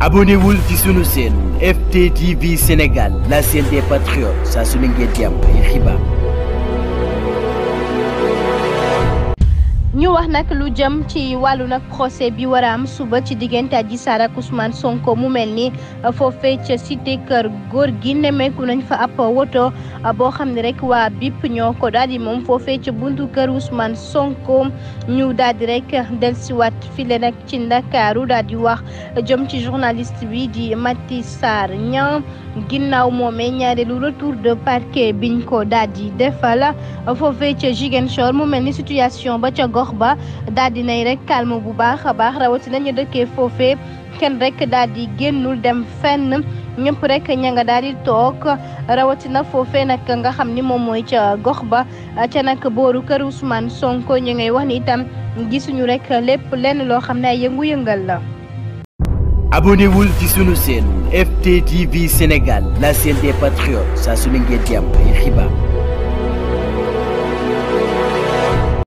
abonnez-vous ci sunu chaîne FTTV Sénégal la chaîne des patriotes Ça, se ne ñu wax nag lu jëm ci wàllu nag procès bi war a am suba ci diggante Adji Sarr ak Sonko mu mel ni foofee ca cité kër góor gi nemmeeku nañ fa ab woto boo xam ne rek waa BIP ñoo ko daal di moom foofee ca buntu kër Ousmane Sonko ñu daal rekk rek dellusiwaat file nag ci Ndakaaru daal di wax jëm ci journaliste bi di Mati Sarr ñaaw ginnaaw moomee ñaareelu retour de parquet biñ ko daal di defal foofee ca Ziguinchor mu mel ni situation ba ca gox ba. ba daal di nay rek calme bu baax a baax rawatina ñu dëkkee foofee kenn rek daal di génnul dem fenn ñëpp rek ña nga daal di toog rawatina foofee nag nga xam ni moom mooy ca gox ba ca nag booru kër Ousmane Sonko ñu ngay wax ni itam gisuñu rek lépp lenn loo xam ne yëngu-yëngal la. abonné wul ci sunu chaîne FTTV Sénégal la chaîne des patriotes saa su ne ngeen jàmm xibaar.